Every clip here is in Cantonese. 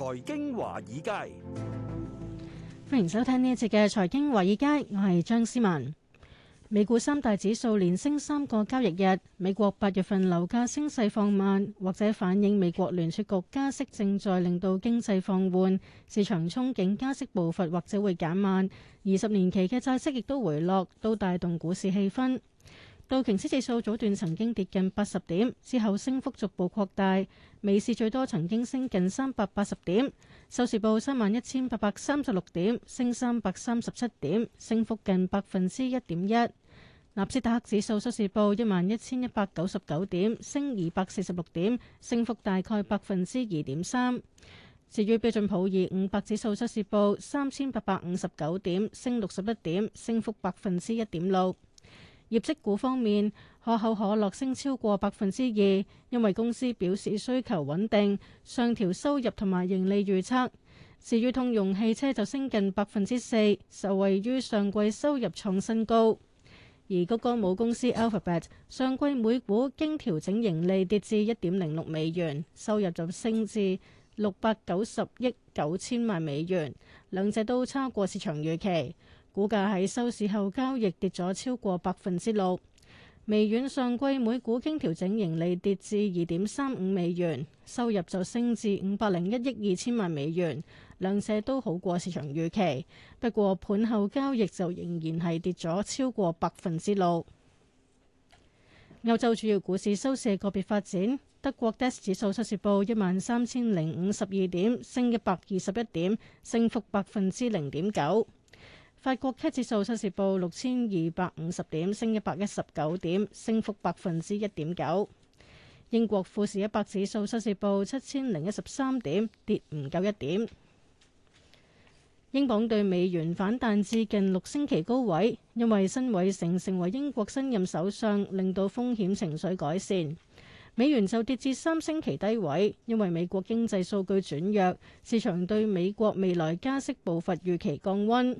財經華爾街，歡迎收聽呢一節嘅財經華爾街。我係張思文。美股三大指數連升三個交易日。美國八月份樓價升勢放慢，或者反映美國聯儲局加息正在令到經濟放緩。市場憧憬加息步伐或者會減慢。二十年期嘅債息亦都回落，都帶動股市氣氛。道瓊斯指數早段曾經跌近八十點，之後升幅逐步擴大，尾市最多曾經升近三百八十點。收市報三萬一千八百三十六點，升三百三十七點，升幅近百分之一點一。納斯達克指數收市報一萬一千一百九十九點，升二百四十六點，升幅大概百分之二點三。至於標準普爾五百指數收市報三千八百五十九點，升六十一點，升幅百分之一點六。業績股方面，可口可樂升超過百分之二，因為公司表示需求穩定，上調收入同埋盈利預測。至於通用汽車就升近百分之四，受惠於上季收入創新高。而谷歌母公司 Alphabet 上季每股經調整盈利跌至一點零六美元，收入就升至六百九十億九千萬美元，兩者都差過市場預期。股價喺收市後交易跌咗超過百分之六。微軟上季每股經調整盈利跌至二點三五美元，收入就升至五百零一億二千萬美元，兩者都好過市場預期。不過，盤後交易就仍然係跌咗超過百分之六。歐洲主要股市收市個別發展，德國 DAX 指數收市報一萬三千零五十二點，升一百二十一點，升幅百分之零點九。法國 CAC 指數實時報六千二百五十點，升一百一十九點，升幅百分之一點九。英國富時一百指數實時報七千零一十三點，跌唔夠一點。英鎊對美元反彈至近六星期高位，因為辛偉誠成為英國新任首相，令到風險情緒改善。美元就跌至三星期低位，因為美國經濟數據轉弱，市場對美國未來加息步伐預期降溫。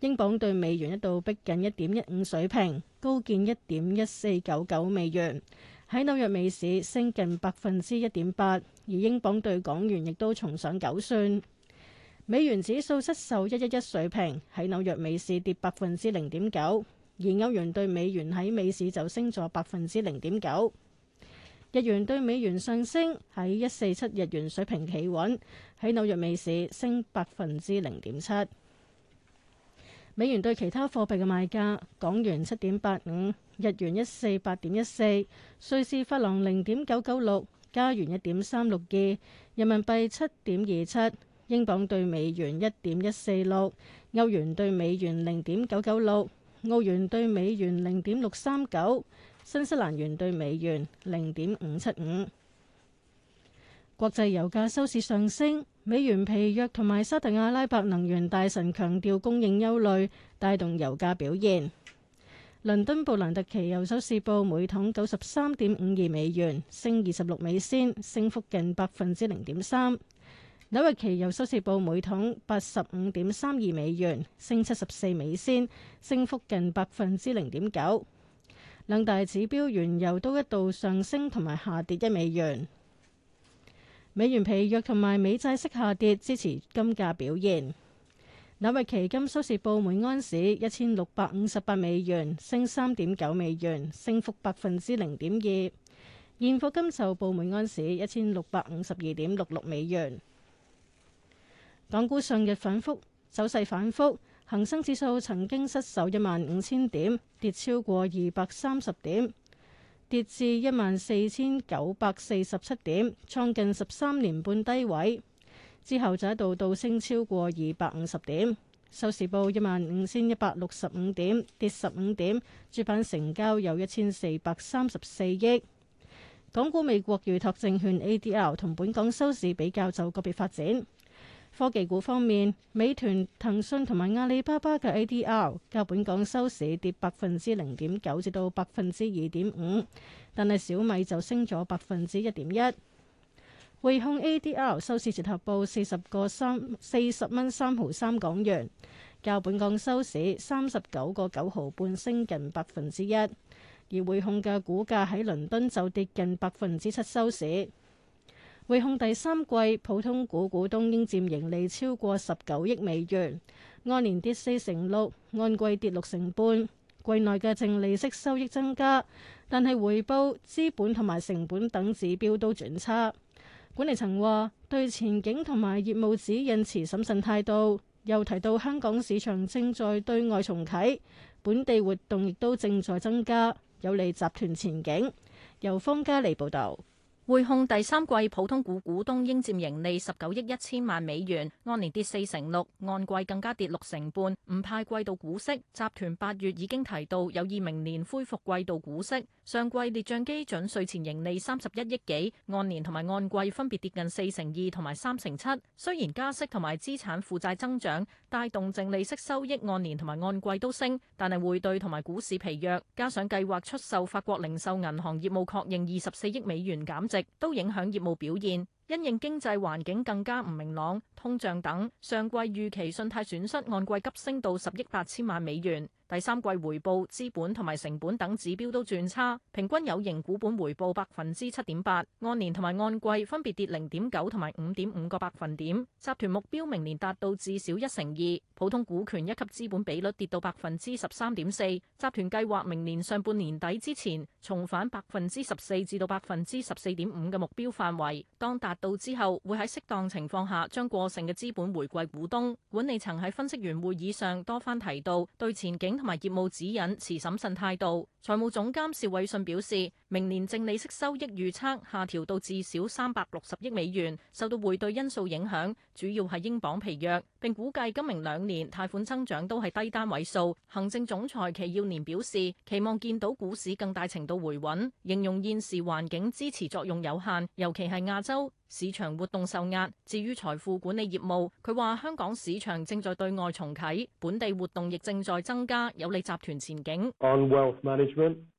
英鎊兌美元一度逼近一點一五水平，高見一點一四九九美元。喺紐約美市升近百分之一點八，而英鎊兌港元亦都重上九算。美元指數失守一一一水平，喺紐約美市跌百分之零點九，而歐元兌美元喺美市就升咗百分之零點九。日元兌美元上升，喺一四七日元水平企穩，喺紐約美市升百分之零點七。美元對其他貨幣嘅賣價：港元七點八五，日元一四八點一四，瑞士法郎零點九九六，加元一點三六二，人民幣七點二七，英鎊對美元一點一四六，歐元對美元零點九九六，澳元對美元零點六三九，新西蘭元對美元零點五七五。國際油價收市上升。美元疲弱同埋沙特阿拉伯能源大臣強調供應憂慮，帶動油價表現。倫敦布蘭特期油收市報每桶九十三點五二美元，升二十六美仙，升幅近百分之零點三。紐約期油收市報每桶八十五點三二美元，升七十四美仙，升幅近百分之零點九。兩大指標原油都一度上升同埋下跌一美元。美元疲弱同埋美債息下跌，支持金價表現。紐約期金收市報每安士一千六百五十八美元，升三點九美元，升幅百分之零點二。現貨金收報每安士一千六百五十二點六六美元。港股上日反復，走勢反復，恒生指數曾經失守一萬五千點，跌超過二百三十點。跌至一萬四千九百四十七點，創近十三年半低位。之後就一度倒升超過二百五十點，收市報一萬五千一百六十五點，跌十五點。主板成交有一千四百三十四億。港股美國預託證券 A D R 同本港收市比較就個別發展。科技股方面，美團、騰訊同埋阿里巴巴嘅 ADR 較本港收市跌百分之零點九至到百分之二點五，但係小米就升咗百分之一點一。匯控 ADR 收市折合報四十個三四十蚊三毫三港元，較本港收市三十九個九毫半升近百分之一，而匯控嘅股價喺倫敦就跌近百分之七收市。匯控第三季普通股股東應佔盈利超過十九億美元，按年跌四成六，按季跌六成半。季內嘅淨利息收益增加，但係回報、資本同埋成本等指標都轉差。管理層話對前景同埋業務指引持審慎態度，又提到香港市場正在對外重啟，本地活動亦都正在增加，有利集團前景。由方家利報道。匯控第三季普通股股東應占盈利十九億一千萬美元，按年跌四成六，按季更加跌六成半。唔派季度股息，集團八月已經提到有意明年恢復季度股息。上季列賬基準稅前盈利三十一億幾，按年同埋按季分別跌近四成二同埋三成七。雖然加息同埋資產負債增長帶動淨利息收益按年同埋按季都升，但係匯兌同埋股市疲弱，加上計劃出售法國零售銀行業務確認二十四億美元減值，都影響業務表現。因應經濟環境更加唔明朗，通脹等，上季預期信貸損失按季急升到十億八千萬美元。第三季回報、資本同埋成本等指標都轉差，平均有形股本回報百分之七點八，按年同埋按季分別跌零點九同埋五點五個百分點。集團目標明年達到至少一成二，普通股權一級資本比率跌到百分之十三點四。集團計劃明年上半年底之前重返百分之十四至到百分之十四點五嘅目標範圍，當達到之後會喺適當情況下將過剩嘅資本回饋股東。管理層喺分析員會議上多番提到對前景同埋業務指引持審慎態度。財務總監邵偉信表示，明年淨利息收益預測下調到至少三百六十億美元，受到匯兌因素影響，主要係英鎊疲弱，並估計今明兩年貸款增長都係低單位數。行政總裁祁耀年表示，期望見到股市更大程度回穩，形容現時環境支持作用有限，尤其係亞洲市場活動受壓。至於財富管理業務，佢話香港市場正在對外重啟，本地活動亦正在增加，有利集團前景。On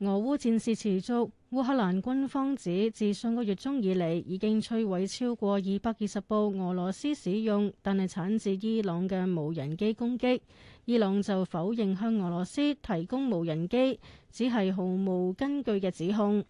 俄烏戰事持續，烏克蘭軍方指自上個月中以嚟已經摧毀超過二百二十部俄羅斯使用，但係產自伊朗嘅無人機攻擊。伊朗就否認向俄羅斯提供無人機，只係毫無根據嘅指控。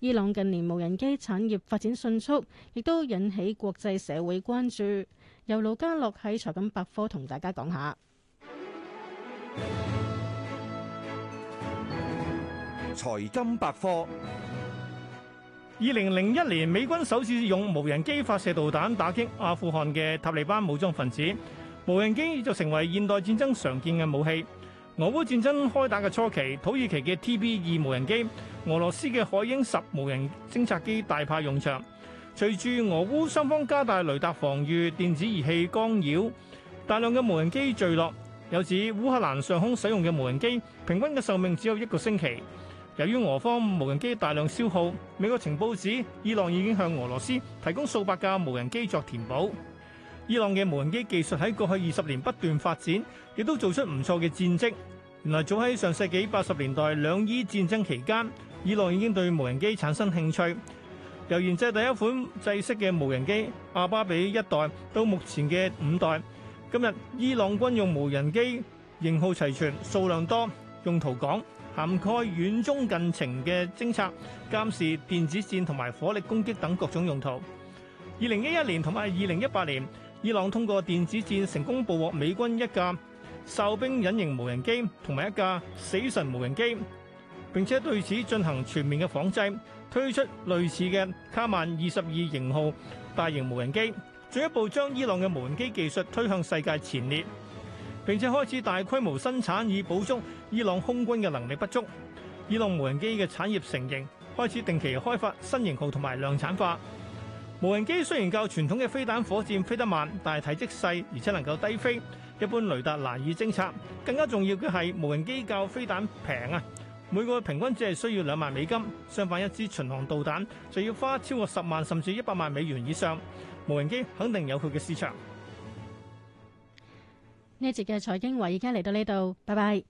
伊朗近年無人機產業發展迅速，亦都引起國際社會關注。由盧家樂喺財經百科同大家講下。 財金百科。二零零一年，美軍首次用無人機發射導彈打擊阿富汗嘅塔利班武裝分子。無人機就成為現代戰爭常見嘅武器。俄烏戰爭開打嘅初期，土耳其嘅 TB 二無人機、俄羅斯嘅海鷹十無人偵察機大派用場。隨住俄烏雙方加大雷達防御、電子儀器干擾，大量嘅無人機墜落。有指烏克蘭上空使用嘅無人機平均嘅壽命只有一個星期。由於俄方無人機大量消耗，美國情報指伊朗已經向俄羅斯提供數百架無人機作填補。伊朗嘅無人機技術喺過去二十年不斷發展，亦都做出唔錯嘅戰績。原來早喺上世紀八十年代兩伊戰爭期間，伊朗已經對無人機產生興趣。由研製第一款制式嘅無人機，阿巴比一代，到目前嘅五代，今日伊朗軍用無人機型號齊全，數量多，用途廣。涵蓋遠中近程嘅偵察、監視、電子戰同埋火力攻擊等各種用途。二零一一年同埋二零一八年，伊朗通過電子戰成功捕獲美軍一架哨兵隱形無人機同埋一架死神無人機，並且對此進行全面嘅仿製，推出類似嘅卡曼二十二型號大型無人機，進一步將伊朗嘅無人機技術推向世界前列。並且開始大規模生產，以補足伊朗空軍嘅能力不足。伊朗無人機嘅產業成型，開始定期開發新型號同埋量產化。無人機雖然較傳統嘅飛彈火箭飛得慢，但係體積細而且能夠低飛，一般雷達難以偵察。更加重要嘅係無人機較飛彈平啊，每個平均只係需要兩萬美金，相反一支巡航導彈就要花超過十萬甚至一百萬美元以上。無人機肯定有佢嘅市場。呢一節嘅財經話，而家嚟到呢度，拜拜。